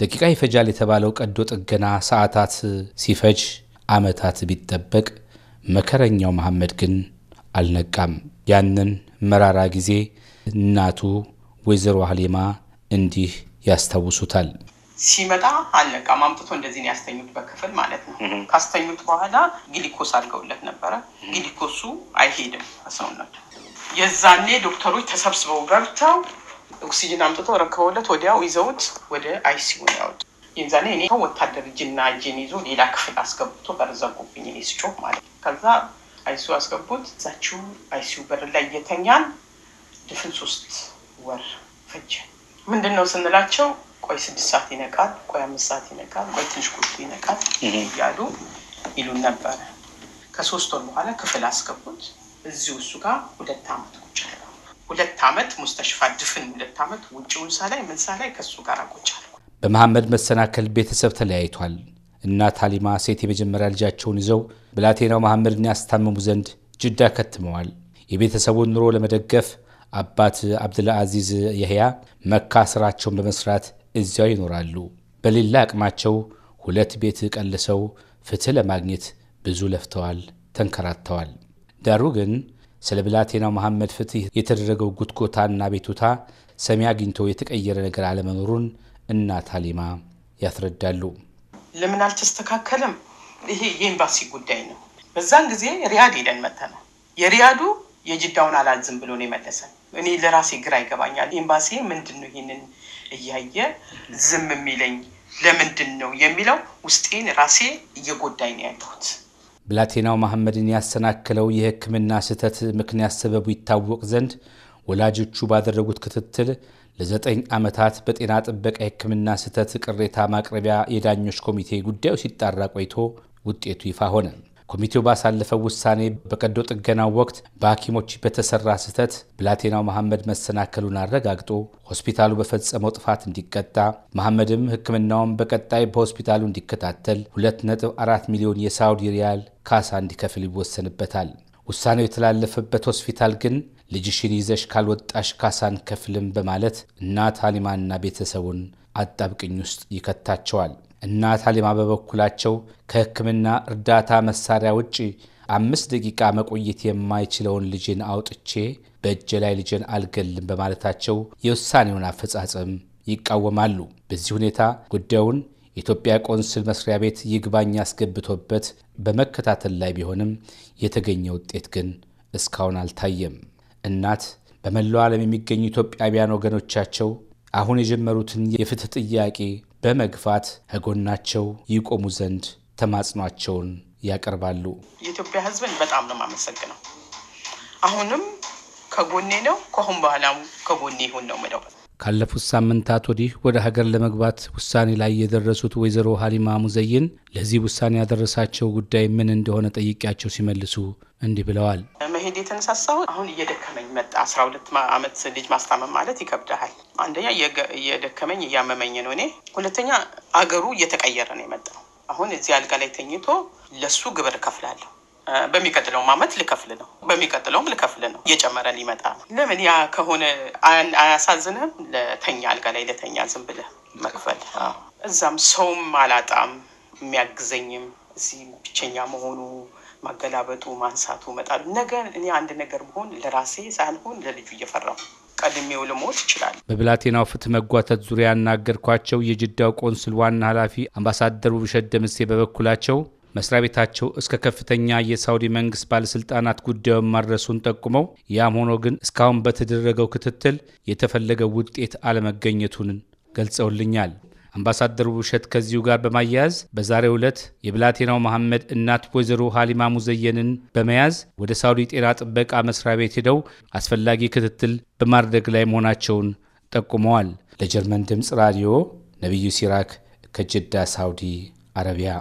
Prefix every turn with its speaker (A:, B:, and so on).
A: ደቂቃ ይፈጃል የተባለው ቀዶ ጥገና ሰዓታት ሲፈጅ ዓመታት ቢጠበቅ መከረኛው መሐመድ ግን አልነቃም። ያንን መራራ ጊዜ እናቱ ወይዘሮ ሀሊማ እንዲህ ያስታውሱታል።
B: ሲመጣ አልነቃም። አምጥቶ እንደዚህ ነው ያስተኙት በክፍል ማለት ነው። ካስተኙት በኋላ ግሊኮስ አድርገውለት ነበረ። ግሊኮሱ አይሄድም ሰውነቱ። የዛኔ ዶክተሮች ተሰብስበው ገብተው ኦክሲጅን አምጥቶ ረክበውለት ወዲያው ይዘውት ወደ አይሲዩ ያወጡ። የዛኔ እኔ ወታደር ጅና እጅን ይዞ ሌላ ክፍል አስገብቶ በር ዘጉብኝ። እኔ ስጮህ ማለት ነው። ከዛ አይሲዩ አስገቡት። እዛችው አይሲዩ በር ላይ እየተኛን ድፍን ሶስት ወር ፈጀ። ምንድን ነው ስንላቸው ቆይ ስድስት ሰዓት ይነቃል፣ ቆይ አምስት ሰዓት ይነቃል፣ ቆይ ትንሽ ቁጭ ይነቃል እያሉ ይሉን ነበረ። ከሶስት ወር በኋላ ክፍል አስገቡት። እዚሁ እሱ ጋር ሁለት አመት ሁለት ዓመት ሙስተሽፋ ድፍን ሁለት ዓመት ውጭውን ሳላይ ምን ሳላይ ከሱ ጋር አቆጫል።
A: በመሐመድ መሰናከል ቤተሰብ ተለያይቷል። እናት ሀሊማ ሴት የመጀመሪያ ልጃቸውን ይዘው ብላቴናው መሐመድን ያስታምሙ ዘንድ ጅዳ ከትመዋል። የቤተሰቡን ኑሮ ለመደገፍ አባት አብድልአዚዝ የህያ መካ ስራቸውን በመስራት እዚያው ይኖራሉ። በሌላ አቅማቸው ሁለት ቤት ቀልሰው ፍትህ ለማግኘት ብዙ ለፍተዋል፣ ተንከራተዋል። ዳሩ ግን ስለ ብላቴናው መሐመድ ፍትህ የተደረገው ጉትጎታና ቤቱታ ሰሚ አግኝቶ የተቀየረ ነገር አለመኖሩን እናት ሀሊማ ያስረዳሉ።
B: ለምን አልተስተካከለም? ይሄ የኤምባሲ ጉዳይ ነው። በዛን ጊዜ ሪያድ ሄደን መተነ የሪያዱ የጅዳውን አላዝም ብሎ ነው የመለሰን። እኔ ለራሴ ግራ ይገባኛል። ኤምባሲ ምንድን ነው ይህንን እያየ ዝም የሚለኝ ለምንድን ነው የሚለው ውስጤን ራሴ እየጎዳኝ ነው ያለሁት።
A: ብላቴናው መሐመድን ያሰናክለው የሕክምና ስህተት ምክንያት ሰበቡ ይታወቅ ዘንድ ወላጆቹ ባደረጉት ክትትል ለዘጠኝ ዓመታት በጤና ጥበቃ የሕክምና ስህተት ቅሬታ ማቅረቢያ የዳኞች ኮሚቴ ጉዳዩ ሲጣራ ቆይቶ ውጤቱ ይፋ ሆነ። ኮሚቴው ባሳለፈው ውሳኔ በቀዶ ጥገናው ወቅት በሐኪሞች በተሰራ ስህተት ብላቴናው መሐመድ መሰናከሉን አረጋግጦ ሆስፒታሉ በፈጸመው ጥፋት እንዲቀጣ፣ መሐመድም ሕክምናውን በቀጣይ በሆስፒታሉ እንዲከታተል 2.4 ሚሊዮን የሳውዲ ሪያል ካሳ እንዲከፍል ይወሰንበታል። ውሳኔው የተላለፈበት ሆስፒታል ግን ልጅሽን ይዘሽ ካልወጣሽ ካሳን ከፍልም በማለት እናት ሀሊማና ቤተሰቡን አጣብቅኝ ውስጥ ይከታቸዋል። እናት አሊማ በበኩላቸው ከሕክምና እርዳታ መሳሪያ ውጭ አምስት ደቂቃ መቆየት የማይችለውን ልጅን አውጥቼ በእጄ ላይ ልጅን አልገልም በማለታቸው የውሳኔውን አፈጻጸም ይቃወማሉ። በዚህ ሁኔታ ጉዳዩን የኢትዮጵያ ቆንስል መስሪያ ቤት ይግባኝ አስገብቶበት በመከታተል ላይ ቢሆንም የተገኘ ውጤት ግን እስካሁን አልታየም። እናት በመላው ዓለም የሚገኙ ኢትዮጵያውያን ወገኖቻቸው አሁን የጀመሩትን የፍትህ ጥያቄ በመግፋት ከጎናቸው ይቆሙ ዘንድ ተማጽኗቸውን ያቀርባሉ።
B: የኢትዮጵያ ህዝብን በጣም ነው የማመሰግነው። አሁንም ከጎኔ ነው፣ ከአሁን በኋላም ከጎኔ ይሁን ነው ምለው።
A: ካለፉት ሳምንታት ወዲህ ወደ ሀገር ለመግባት ውሳኔ ላይ የደረሱት ወይዘሮ ሀሊማ ሙዘይን ለዚህ ውሳኔ ያደረሳቸው ጉዳይ ምን እንደሆነ ጠይቄያቸው ሲመልሱ እንዲህ ብለዋል።
B: ለመሄድ የተነሳሳው አሁን እየደከመኝ መጣ። አስራ ሁለት አመት ልጅ ማስታመም ማለት ይከብድሃል። አንደኛ እየደከመኝ እያመመኝ ነው እኔ። ሁለተኛ አገሩ እየተቀየረ ነው የመጣው። አሁን እዚህ አልጋ ላይ ተኝቶ ለሱ ግብር እከፍላለሁ። በሚቀጥለውም አመት ልከፍል ነው፣ በሚቀጥለውም ልከፍል ነው። እየጨመረ ሊመጣ ነው። ለምን ያ ከሆነ አያሳዝንም? ለተኛ አልጋ ላይ ለተኛ ዝም ብለህ መክፈል። እዛም ሰውም አላጣም የሚያግዘኝም እዚህ ብቸኛ መሆኑ ማገላበጡ፣ ማንሳቱ፣ መጣሉ ነገ እኔ አንድ ነገር ብሆን ለራሴ ሳልሆን ለልጁ እየፈራሁ ቀድሜው
A: ልሞት ይችላል። በብላቴናው ፍትህ መጓተት ዙሪያ ያናገርኳቸው የጅዳው ቆንስል ዋና ኃላፊ አምባሳደር ውብሸት ደምሴ በበኩላቸው መስሪያ ቤታቸው እስከ ከፍተኛ የሳውዲ መንግስት ባለስልጣናት ጉዳዩን ማድረሱን ጠቁመው ያም ሆኖ ግን እስካሁን በተደረገው ክትትል የተፈለገው ውጤት አለመገኘቱን ገልጸውልኛል። አምባሳደር ውብሸት ከዚሁ ጋር በማያያዝ በዛሬው ዕለት የብላቴናው መሐመድ እናት ወይዘሮ ሃሊማ ሙዘየንን በመያዝ ወደ ሳውዲ ጤና ጥበቃ መስሪያ ቤት ሄደው አስፈላጊ ክትትል በማድረግ ላይ መሆናቸውን ጠቁመዋል። ለጀርመን ድምፅ ራዲዮ ነቢዩ ሲራክ ከጅዳ ሳውዲ አረቢያ